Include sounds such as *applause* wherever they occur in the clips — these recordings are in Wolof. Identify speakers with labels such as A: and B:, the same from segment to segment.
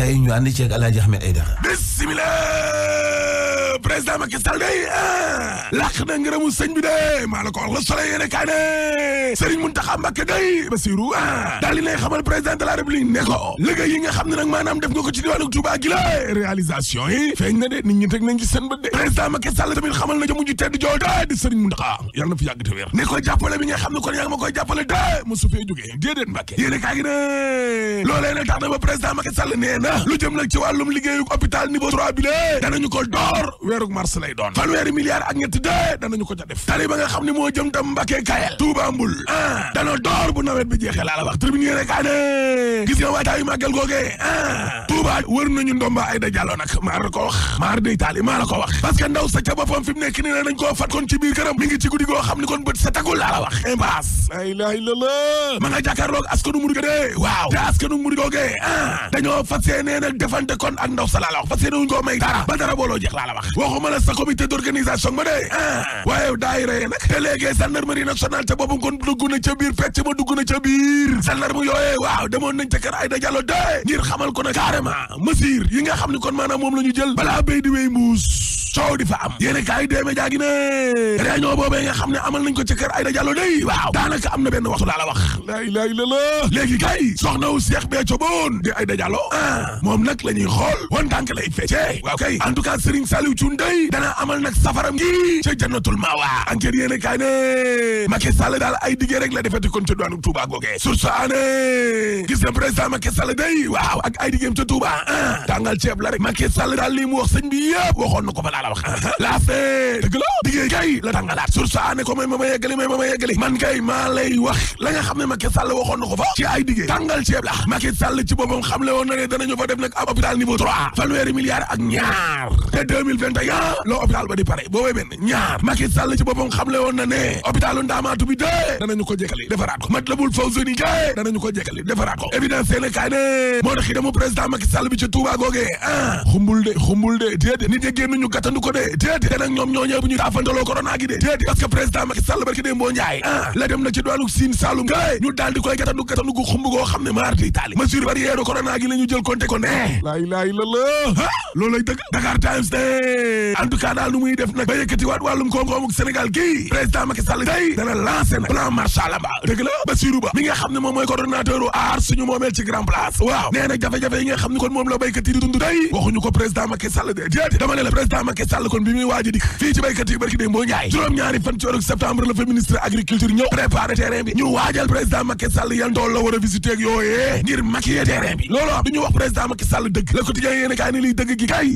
A: kay ñu ànd ceeg Alaaji Ahmed Aidara bismillah président Macky Sall day eh, làq na ngërëmu sëñ bi de maa la ko wax la solo yéene kaa ne Serigne Mountakha Mbacké day Bassirou a eh, daal di lay xamal président de la république ne ko xam ne nag maanaam def nga ko ci diwaanu Touba gi la réalisation yi feeñ na de nit ñi teg nañ ci seen bët de président Macky Sall tamit xamal na jamuju tedd joo da di Serigne Mountakha yàlla na fi yàgg te wér ne ko jàppale bi nga xam ne kon yaa ngi ma koy jàppale de mosu fee jógee déedéet Mbacké na ba président Macky nee na lu jëm nag ci wàllum liggéeyu hôpital niveau 3 bi ko door weeruk mars lay doon fanweeri milliards ak ñetti dee danañu ko ca def tali ba nga xam ne moo jëm tam Mbàkke Kayel Tuuba Mbul ah, dana door bu nawet bi jeexee laa wax tribune yéene kaa ne gis nga waajtaayu màggal googee ah Tuuba wër nañu ndomba ay da jàlloo nag maa ko wax maar day taali maa la ko wax parce que sa ca boppam fi mu nekk nii ne dañ koo fat kon ci biir këram mi ci guddi goo xam ne kon bët sa tagul laa wax impasse la ma nga jàkkaarloog askanu murid de waaw te askanu murid googee ah dañoo fas yéene nag defante kon ak sa laa la wax fas yéene wuñu koo may dara ba dara la wax waxuma la sa comité d'organisation ba de ah waaye daayira yi nag te léegi gendarmerie nationale ca boobu kon dugg na ca biir fecc ma dugg na ca biir gendarme yooyee waaw demoon nañ ca ay Aïda Diallo de ngir xamal ko ne carrément mesure yi nga xam ne kon maanaam moom la ñu jël balaa béy di wéy mbuus coow di fa am yéene kaay déeme jaagi ne réunion boobee nga xam ne amal nañ ko ci kër Aïda Diallo day waaw daanaka am na benn waxtu laa la wax laa ilaaha illallaah léegi kay soxnaw Cheikh Béthio Boun di Aïda Diallo ah moom nag la ñuy xool wan tànk lay fecce waaw tout cas Serigne Saliou Thioune day dana amal nag safaram gi ca jannatul maawa enquête yéene kaay ne daal ay diggee rek la defati kon ca doonu Touba googee source aane gis na président Macky Sall day waaw ak ay diggeem ca Touba ah tàngal ceeb la rek Macky Sall daal lii wax sëñ bi waxoon na ko fa laa la wax laafee *laughs* dëgg la diggéey kay la tàngalaat sur ça ne ko may ma ma yeggali may ma ma yeggali man kay maa lay wax la nga xam ne Macky Sall waxoon na ko fa ci ay diggéey tàngal ceeb la Macky Sall ci boppam xam le woon na ne danañu fa def nag ab niveau trois fanweeri milliards ak ñaar te deux mille vingt et un loo hôpital ba di pare boobee benn ñaar Macky Sall ci boppam xam le woon na ne hôpitalu Ndaamaatu bi dee danañu ko ko jekkali defaraat ko évidence seen waxandu ko de déet te nag ñoom ñooñee bu ñu daafantaloo corona de déet parce que président Macky Sall barki dee mboo njaay na ci doonu Sine Saloum kay ñu daal di koy gatandu xam ne mardi itali mesure barrière corona gi la ñu jël compte ko ne de en tout cas daal nu muy def nag na plan Marshall nga xam ne moom mooy coordonnateur u aar suñu moomeel ci grand place waaw nee nag jafe-jafe ne kon moom la béykat yi di dund tey waxuñu ko président Macky de déet dama ne la président Macky Macky Sall kon bi a dikk fii ci béykat yi barki dee mboo njaay kay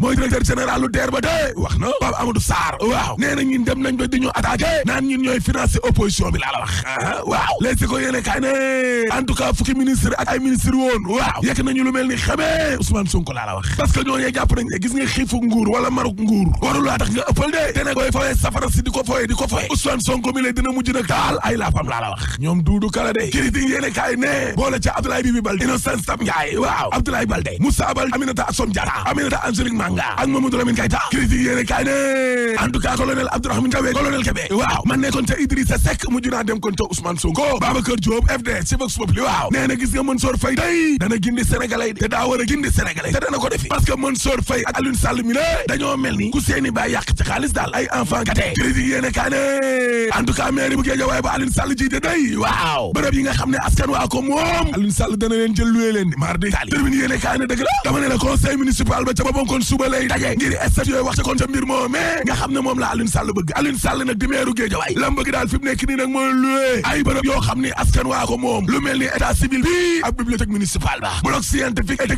A: mooy directeur général DER ba dee wax na Pape Amadou Sarr waaw nee na dem nañ ba di ñu attaqué naan ñun ñooy financé opposition bi laa la wax ah, ah, waaw les ko yéen kaay ne en ministre ay ministre woon waaw yekk nañu lu mel ni xamee Ousmane Sonko laa wax parce que ñooñee jàpp gis nga xiifu nguur wala maruk nguur warul laa tax nga koy fawee safara di ko fawee di ko fawee Ousmane Sonko mi le dina mujj daal ay laafam laa la wax ñoom duudu kala de critique yéene kaay ne boole ca Abdoulaye Bibi Balde Innocence Ntap Ndiaye waaw Abdoulaye Balde Moussa Bal Aminata Assome Diatta Aminata Angélique Manga ak Mamadou Lamine Keita critique yéene kaay ne en tout cas colonel Abdourahmane Kawé colonel Kébé waaw man nekkoon ca Idrissa Seck mujj naa dem kon ca Ousmane Sonko Babacar Diop FD ci Vox a gindi Sénégalais seeni baay yàq ci xaalis daal ay enfant gâté critique yéene kaa ne en tout cas maire bu Guédiawaye ba Alioune Sall jiite day waaw bërëb yi nga ne askan waa moom Alioune dana leen jël luwee leen di mardi tali termine yéene kaa ne dëgg la dama ne la conseil municipal ba ca boppam kon suba lay daje ngir stade yooyu daal fi mu nag mooy luwee ay bërëb yoo xam ne askan waa moom lu mel ni état civil bi ak bibliothèque municipale ba bloc scientifique et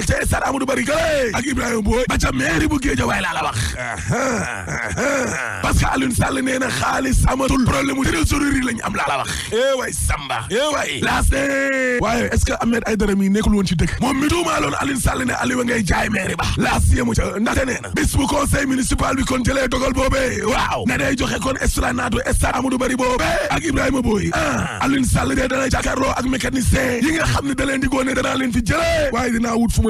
A: nekk ca ba ca mairie bu Guédiawaye laa la wax parce que Alioune Sall nee na xaalis amatul problème mu trésorerie lañ am la wax eh waay Samba eh waay laas ne waaye est-ce que Ahmed Aïdara mi nekkul woon ci dëkk moom mi tuumaaloon Alioune Sall ne Aliou ngay jaay mairie ba laas yemu ca ndaxte nee na bis bu conseil municipal bi kon jëlee dogal boobee waaw na day joxe kon esplanade stade Amadou Barry boobee ak Ibrahima Boy ah, Alioune Sall de dana jàkkaarloo ak mécanicien yi nga xam ne da leen di góone fi jëlee waaye dinaa wut fu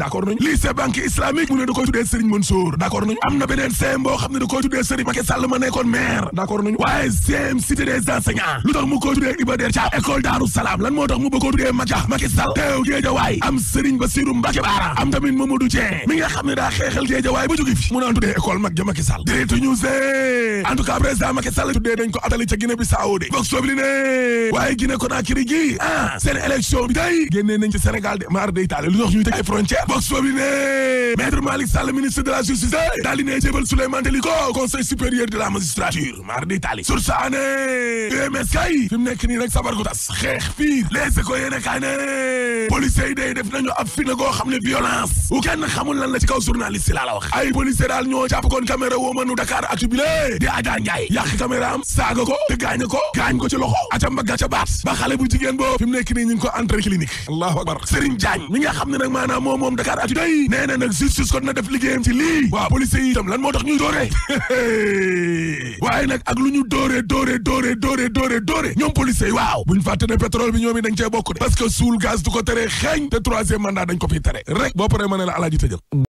A: d'accord nañu banque islamique mu ne da koy tuddee Serigne Mansour d'accord da koy tuddee Serigne Macky Sall ma nekkoon maire d'accord koy tuddee Iba Der Thiam école Daaru Salaam lan moo tuddee Macky Sall teew Géejawaay am Serigne Bassirou Mbacké Baara am tamit Mamadou Dieng mi nga xam ne daa xeexal Géejawaay ba jóge mu naan tuddee école mag Sall direct news eh! en tout cas président Sall tuddee dañ ko atali ca Guinée Bissau de box sobli waaye Guinée Conakry gi ah seen Vox Populi ne maître Malick Sall ministre de la justice daal di ne jébal Souleymane Teliko conseil supérieur de la magistrature mar di tali sur ça ne UMS kay fi mu nekk nii rek sabar ko tas xeex fii les éco yéene kay ne policiers yi def nañu ab fitna goo xam ne violence bu lan la ci kaw journaliste yi laa wax ay policiers daal ñoo jàpp koon caméra woomanu Dakar ak tubile di Adja Ndiaye yàq am saaga ko te gaañ ko gaañ ko ci loxo aca mbagga ca moom Dakar Actu day nee na nag justice kon def liggéeyam ci lii waaw police tam itam lan moo tax ñuy doore *laughs* waaye nag ak lu ñu doore doore doore doore doore doore ñoom police yi waaw buñ fàtte ne pétrole bi ñoom it dañ cee de parce suul gaz du tere xeeñ te troisième mandat dañ ko tere rek boo paree ma ne la alaaji